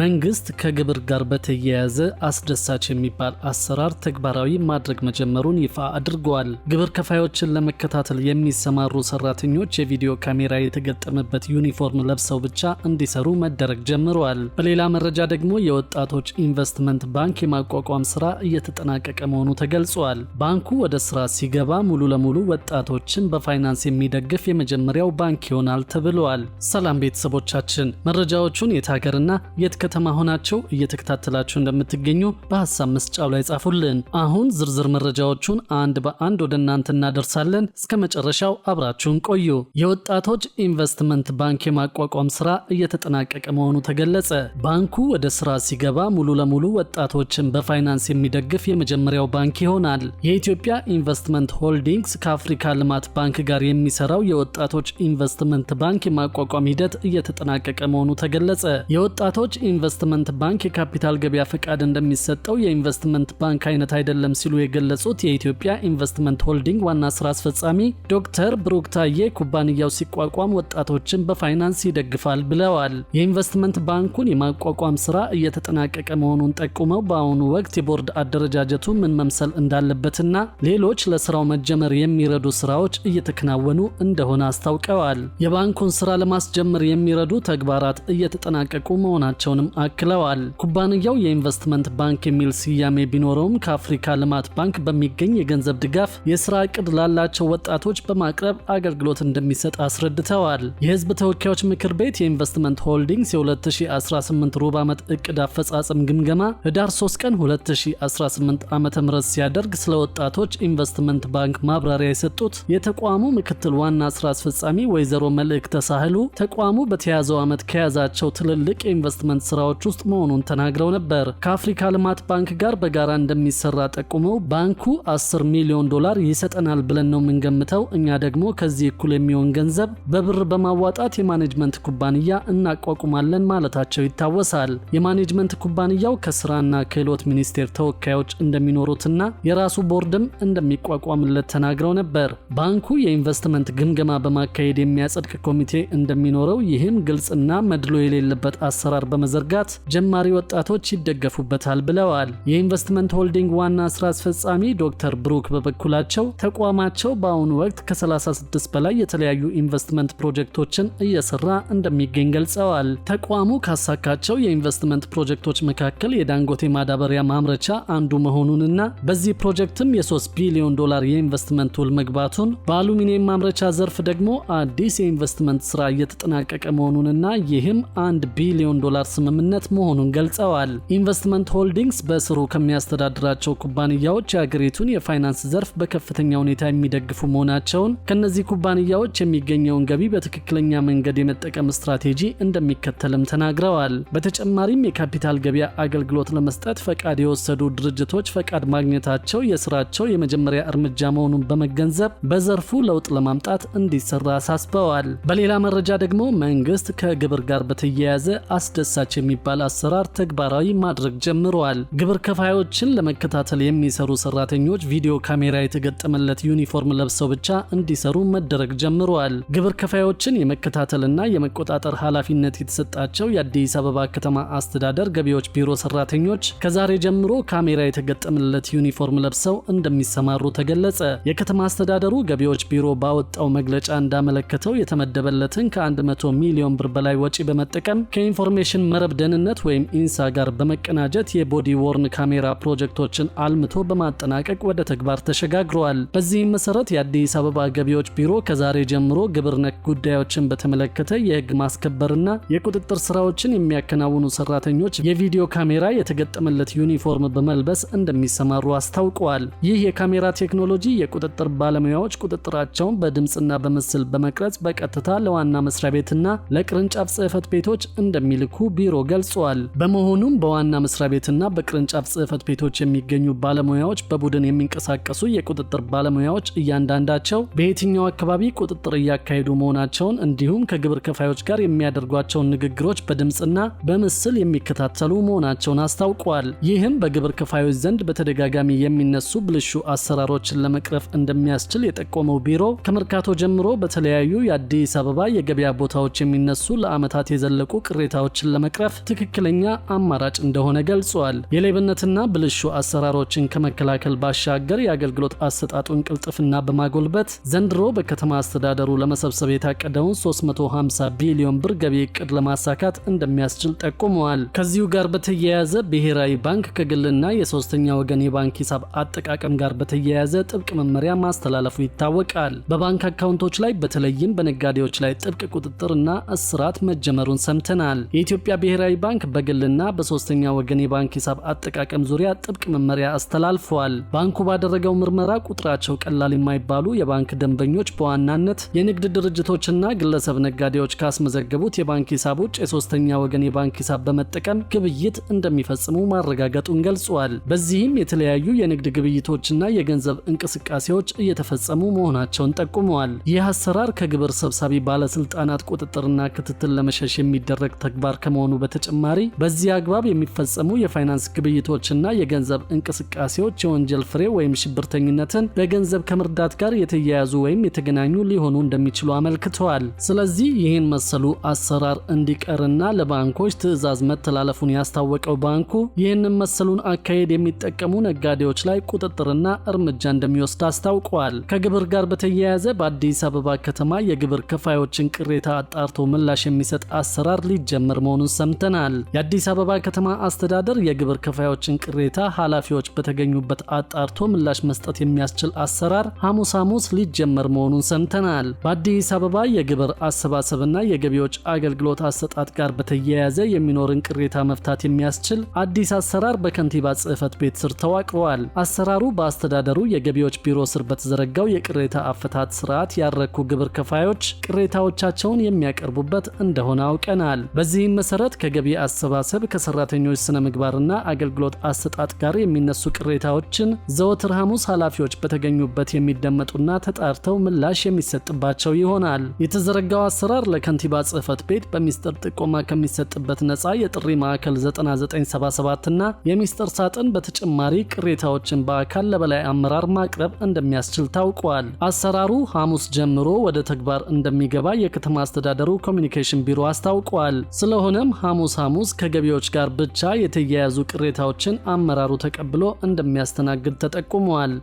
መንግስት ከግብር ጋር በተያያዘ አስደሳች የሚባል አሰራር ተግባራዊ ማድረግ መጀመሩን ይፋ አድርገዋል። ግብር ከፋዮችን ለመከታተል የሚሰማሩ ሰራተኞች የቪዲዮ ካሜራ የተገጠመበት ዩኒፎርም ለብሰው ብቻ እንዲሰሩ መደረግ ጀምረዋል። በሌላ መረጃ ደግሞ የወጣቶች ኢንቨስትመንት ባንክ የማቋቋም ስራ እየተጠናቀቀ መሆኑ ተገልጿል። ባንኩ ወደ ስራ ሲገባ ሙሉ ለሙሉ ወጣቶችን በፋይናንስ የሚደግፍ የመጀመሪያው ባንክ ይሆናል ተብለዋል። ሰላም ቤተሰቦቻችን፣ መረጃዎቹን የት ሀገርና የት ከተማ ሆናችሁ እየተከታተላችሁ እንደምትገኙ በሀሳብ መስጫው ላይ ጻፉልን። አሁን ዝርዝር መረጃዎቹን አንድ በአንድ ወደ እናንተ እናደርሳለን። እስከ መጨረሻው አብራችሁን ቆዩ። የወጣቶች ኢንቨስትመንት ባንክ የማቋቋም ስራ እየተጠናቀቀ መሆኑ ተገለጸ። ባንኩ ወደ ስራ ሲገባ ሙሉ ለሙሉ ወጣቶችን በፋይናንስ የሚደግፍ የመጀመሪያው ባንክ ይሆናል። የኢትዮጵያ ኢንቨስትመንት ሆልዲንግስ ከአፍሪካ ልማት ባንክ ጋር የሚሰራው የወጣቶች ኢንቨስትመንት ባንክ የማቋቋም ሂደት እየተጠናቀቀ መሆኑ ተገለጸ። የወጣቶች ኢንቨስትመንት ባንክ የካፒታል ገበያ ፈቃድ እንደሚሰጠው የኢንቨስትመንት ባንክ አይነት አይደለም ሲሉ የገለጹት የኢትዮጵያ ኢንቨስትመንት ሆልዲንግ ዋና ስራ አስፈጻሚ ዶክተር ብሩክ ታዬ ኩባንያው ሲቋቋም ወጣቶችን በፋይናንስ ይደግፋል ብለዋል። የኢንቨስትመንት ባንኩን የማቋቋም ስራ እየተጠናቀቀ መሆኑን ጠቁመው በአሁኑ ወቅት የቦርድ አደረጃጀቱ ምን መምሰል እንዳለበትና ሌሎች ለስራው መጀመር የሚረዱ ስራዎች እየተከናወኑ እንደሆነ አስታውቀዋል። የባንኩን ስራ ለማስጀመር የሚረዱ ተግባራት እየተጠናቀቁ መሆናቸውን መሆኑንም አክለዋል። ኩባንያው የኢንቨስትመንት ባንክ የሚል ስያሜ ቢኖረውም ከአፍሪካ ልማት ባንክ በሚገኝ የገንዘብ ድጋፍ የስራ እቅድ ላላቸው ወጣቶች በማቅረብ አገልግሎት እንደሚሰጥ አስረድተዋል። የህዝብ ተወካዮች ምክር ቤት የኢንቨስትመንት ሆልዲንግስ የ2018 ሩብ ዓመት እቅድ አፈጻጸም ግምገማ ህዳር 3 ቀን 2018 ዓ ም ሲያደርግ ስለ ወጣቶች ኢንቨስትመንት ባንክ ማብራሪያ የሰጡት የተቋሙ ምክትል ዋና ስራ አስፈጻሚ ወይዘሮ መልእክተ ሳህሉ ተቋሙ በተያዘው ዓመት ከያዛቸው ትልልቅ የኢንቨስትመንት ስራዎች ውስጥ መሆኑን ተናግረው ነበር። ከአፍሪካ ልማት ባንክ ጋር በጋራ እንደሚሰራ ጠቁመው ባንኩ 10 ሚሊዮን ዶላር ይሰጠናል ብለን ነው የምንገምተው። እኛ ደግሞ ከዚህ እኩል የሚሆን ገንዘብ በብር በማዋጣት የማኔጅመንት ኩባንያ እናቋቁማለን ማለታቸው ይታወሳል። የማኔጅመንት ኩባንያው ከስራና ክህሎት ሚኒስቴር ተወካዮች እንደሚኖሩትና የራሱ ቦርድም እንደሚቋቋምለት ተናግረው ነበር። ባንኩ የኢንቨስትመንት ግምገማ በማካሄድ የሚያጸድቅ ኮሚቴ እንደሚኖረው፣ ይህም ግልጽና መድሎ የሌለበት አሰራር በመዘር በመዘርጋት ጀማሪ ወጣቶች ይደገፉበታል ብለዋል። የኢንቨስትመንት ሆልዲንግ ዋና ስራ አስፈጻሚ ዶክተር ብሩክ በበኩላቸው ተቋማቸው በአሁኑ ወቅት ከ36 በላይ የተለያዩ ኢንቨስትመንት ፕሮጀክቶችን እየሰራ እንደሚገኝ ገልጸዋል። ተቋሙ ካሳካቸው የኢንቨስትመንት ፕሮጀክቶች መካከል የዳንጎቴ ማዳበሪያ ማምረቻ አንዱ መሆኑንና በዚህ ፕሮጀክትም የ3 ቢሊዮን ዶላር የኢንቨስትመንት ውል መግባቱን በአሉሚኒየም ማምረቻ ዘርፍ ደግሞ አዲስ የኢንቨስትመንት ስራ እየተጠናቀቀ መሆኑንና ይህም አንድ ቢሊዮን ዶላር ስምምነት መሆኑን ገልጸዋል። ኢንቨስትመንት ሆልዲንግስ በስሩ ከሚያስተዳድራቸው ኩባንያዎች የአገሪቱን የፋይናንስ ዘርፍ በከፍተኛ ሁኔታ የሚደግፉ መሆናቸውን፣ ከእነዚህ ኩባንያዎች የሚገኘውን ገቢ በትክክለኛ መንገድ የመጠቀም ስትራቴጂ እንደሚከተልም ተናግረዋል። በተጨማሪም የካፒታል ገበያ አገልግሎት ለመስጠት ፈቃድ የወሰዱ ድርጅቶች ፈቃድ ማግኘታቸው የስራቸው የመጀመሪያ እርምጃ መሆኑን በመገንዘብ በዘርፉ ለውጥ ለማምጣት እንዲሰራ አሳስበዋል። በሌላ መረጃ ደግሞ መንግስት ከግብር ጋር በተያያዘ አስደሳች የሚባል አሰራር ተግባራዊ ማድረግ ጀምረዋል። ግብር ከፋዮችን ለመከታተል የሚሰሩ ሰራተኞች ቪዲዮ ካሜራ የተገጠመለት ዩኒፎርም ለብሰው ብቻ እንዲሰሩ መደረግ ጀምረዋል። ግብር ከፋዮችን የመከታተልና የመቆጣጠር ኃላፊነት የተሰጣቸው የአዲስ አበባ ከተማ አስተዳደር ገቢዎች ቢሮ ሰራተኞች ከዛሬ ጀምሮ ካሜራ የተገጠመለት ዩኒፎርም ለብሰው እንደሚሰማሩ ተገለጸ። የከተማ አስተዳደሩ ገቢዎች ቢሮ ባወጣው መግለጫ እንዳመለከተው የተመደበለትን ከ100 ሚሊዮን ብር በላይ ወጪ በመጠቀም ከኢንፎርሜሽን መረ ከአረብ ደህንነት ወይም ኢንሳ ጋር በመቀናጀት የቦዲ ዎርን ካሜራ ፕሮጀክቶችን አልምቶ በማጠናቀቅ ወደ ተግባር ተሸጋግረዋል። በዚህም መሰረት የአዲስ አበባ ገቢዎች ቢሮ ከዛሬ ጀምሮ ግብር ነክ ጉዳዮችን በተመለከተ የህግ ማስከበርና የቁጥጥር ስራዎችን የሚያከናውኑ ሰራተኞች የቪዲዮ ካሜራ የተገጠመለት ዩኒፎርም በመልበስ እንደሚሰማሩ አስታውቀዋል። ይህ የካሜራ ቴክኖሎጂ የቁጥጥር ባለሙያዎች ቁጥጥራቸውን በድምፅና በምስል በመቅረጽ በቀጥታ ለዋና መስሪያ ቤትና ለቅርንጫፍ ጽህፈት ቤቶች እንደሚልኩ ቢሮ ቢሮ ገልጿል። በመሆኑም በዋና መስሪያ ቤትና በቅርንጫፍ ጽህፈት ቤቶች የሚገኙ ባለሙያዎች፣ በቡድን የሚንቀሳቀሱ የቁጥጥር ባለሙያዎች እያንዳንዳቸው በየትኛው አካባቢ ቁጥጥር እያካሄዱ መሆናቸውን እንዲሁም ከግብር ከፋዮች ጋር የሚያደርጓቸውን ንግግሮች በድምፅና በምስል የሚከታተሉ መሆናቸውን አስታውቋል። ይህም በግብር ከፋዮች ዘንድ በተደጋጋሚ የሚነሱ ብልሹ አሰራሮችን ለመቅረፍ እንደሚያስችል የጠቆመው ቢሮ ከመርካቶ ጀምሮ በተለያዩ የአዲስ አበባ የገበያ ቦታዎች የሚነሱ ለዓመታት የዘለቁ ቅሬታዎችን ለመቅረፍ ማዕቀፍ ትክክለኛ አማራጭ እንደሆነ ገልጿል። የሌብነትና ብልሹ አሰራሮችን ከመከላከል ባሻገር የአገልግሎት አሰጣጡን ቅልጥፍና በማጎልበት ዘንድሮ በከተማ አስተዳደሩ ለመሰብሰብ የታቀደውን 350 ቢሊዮን ብር ገቢ እቅድ ለማሳካት እንደሚያስችል ጠቁመዋል። ከዚሁ ጋር በተያያዘ ብሔራዊ ባንክ ከግልና የሶስተኛ ወገን የባንክ ሂሳብ አጠቃቀም ጋር በተያያዘ ጥብቅ መመሪያ ማስተላለፉ ይታወቃል። በባንክ አካውንቶች ላይ በተለይም በነጋዴዎች ላይ ጥብቅ ቁጥጥርና እስራት መጀመሩን ሰምተናል። የኢትዮጵያ ብሔ ብሔራዊ ባንክ በግልና በሶስተኛ ወገን የባንክ ሂሳብ አጠቃቀም ዙሪያ ጥብቅ መመሪያ አስተላልፈዋል። ባንኩ ባደረገው ምርመራ ቁጥራቸው ቀላል የማይባሉ የባንክ ደንበኞች በዋናነት የንግድ ድርጅቶችና ግለሰብ ነጋዴዎች ካስመዘገቡት የባንክ ሂሳብ ውጭ የሶስተኛ ወገን የባንክ ሂሳብ በመጠቀም ግብይት እንደሚፈጽሙ ማረጋገጡን ገልጿል። በዚህም የተለያዩ የንግድ ግብይቶችና የገንዘብ እንቅስቃሴዎች እየተፈጸሙ መሆናቸውን ጠቁመዋል። ይህ አሰራር ከግብር ሰብሳቢ ባለስልጣናት ቁጥጥርና ክትትል ለመሸሽ የሚደረግ ተግባር ከመሆኑ በተጨማሪ በዚህ አግባብ የሚፈጸሙ የፋይናንስ ግብይቶችና የገንዘብ እንቅስቃሴዎች የወንጀል ፍሬ ወይም ሽብርተኝነትን በገንዘብ ከመርዳት ጋር የተያያዙ ወይም የተገናኙ ሊሆኑ እንደሚችሉ አመልክተዋል። ስለዚህ ይህን መሰሉ አሰራር እንዲቀርና ለባንኮች ትዕዛዝ መተላለፉን ያስታወቀው ባንኩ ይህንን መሰሉን አካሄድ የሚጠቀሙ ነጋዴዎች ላይ ቁጥጥርና እርምጃ እንደሚወስድ አስታውቋል። ከግብር ጋር በተያያዘ በአዲስ አበባ ከተማ የግብር ከፋዮችን ቅሬታ አጣርቶ ምላሽ የሚሰጥ አሰራር ሊጀመር መሆኑን ሰምተዋል። ሰምተናል። የአዲስ አበባ ከተማ አስተዳደር የግብር ከፋዮችን ቅሬታ ኃላፊዎች በተገኙበት አጣርቶ ምላሽ መስጠት የሚያስችል አሰራር ሐሙስ ሐሙስ ሊጀመር መሆኑን ሰምተናል። በአዲስ አበባ የግብር አሰባሰብና የገቢዎች አገልግሎት አሰጣጥ ጋር በተያያዘ የሚኖርን ቅሬታ መፍታት የሚያስችል አዲስ አሰራር በከንቲባ ጽህፈት ቤት ስር ተዋቅረዋል። አሰራሩ በአስተዳደሩ የገቢዎች ቢሮ ስር በተዘረጋው የቅሬታ አፈታት ስርዓት ያረኩ ግብር ከፋዮች ቅሬታዎቻቸውን የሚያቀርቡበት እንደሆነ አውቀናል። በዚህም መሰረት በመነሳት ከገቢ አሰባሰብ፣ ከሰራተኞች ስነ ምግባርና አገልግሎት አሰጣጥ ጋር የሚነሱ ቅሬታዎችን ዘወትር ሐሙስ ኃላፊዎች በተገኙበት የሚደመጡና ተጣርተው ምላሽ የሚሰጥባቸው ይሆናል። የተዘረጋው አሰራር ለከንቲባ ጽህፈት ቤት በሚስጥር ጥቆማ ከሚሰጥበት ነፃ የጥሪ ማዕከል 9977 ና የሚስጥር ሳጥን በተጨማሪ ቅሬታዎችን በአካል ለበላይ አመራር ማቅረብ እንደሚያስችል ታውቋል። አሰራሩ ሐሙስ ጀምሮ ወደ ተግባር እንደሚገባ የከተማ አስተዳደሩ ኮሚኒኬሽን ቢሮ አስታውቋል። ስለሆነም ሐሙስ ሐሙስ ከገቢዎች ጋር ብቻ የተያያዙ ቅሬታዎችን አመራሩ ተቀብሎ እንደሚያስተናግድ ተጠቁመዋል።